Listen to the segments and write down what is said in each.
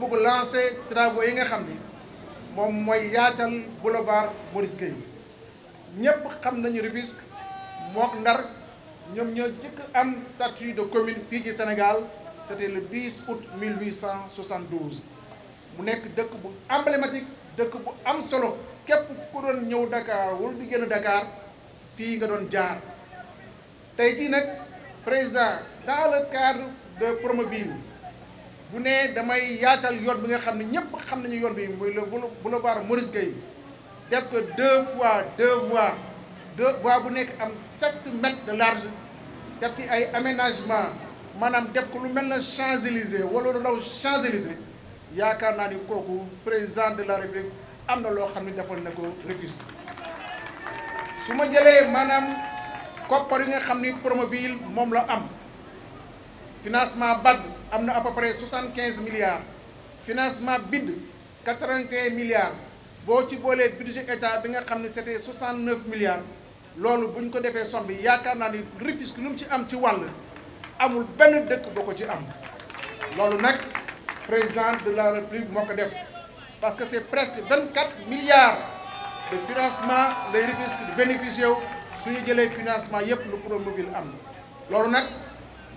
bëgg lancer travaux yi nga xam ni moom mooy yaatal boulevard Maurice Gueye ñëpp xam nañu Rufisque mook Ndar ñoom ñoo jëkk am statut de commune fii ci Sénégal c'était le 10 août 1872 mu nekk dëkk bu emblématique dëkk bu am solo képp ku doon ñëw Dakar wala gën génn Dakar fii nga doon jaar tey jii nag président dans le cadre de Promoville bu ne damay yaatal yoon bi nga xam ne ñëpp xam nañu yoon bi muy le boulevard Maurice Gueye def ko deux fois deux voies deux voies bu nekk am 7 mètres de large def ci ay aménagement maanaam def ko lu mel na Champs-Élysées wala lu law Champs-Élysées yaakaar naa ni kooku président de la République am na loo xam ne defal na ko Rufisque su ma jëlee maanaam koppar yi nga xam ni Promoville moom la am financement BAD, a à peu près 75 milliards. financement BID, 81 milliards. Si vous as le budget d'État, c'était 69 milliards. Lolo, si on a fait il y a un refus qui est avons fait. Amul ben a un de avons Lolo, le président de la République, Parce que c'est presque 24 milliards de financement, les refus bénéficiaux, si on le financement, pour le a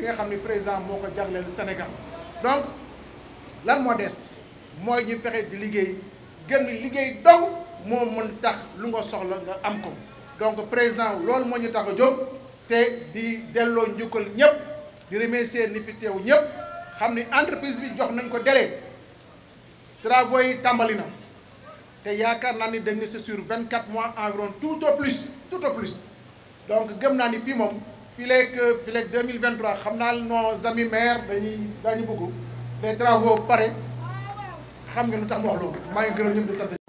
président Sénégal donc la modeste, je ñu fexe di liggéey gën liggéey donc moo donc présent loolu moo ñu tax a de di délo di remercier ni fi entreprise bi jox nañ délai travaux yi sur 24 mois environ tout au plus tout au plus donc gëm filet 2023, je sais que nos amis maires sont beaucoup. Les travaux paraissent. Je sais que nous sommes beaucoup Je sais que nous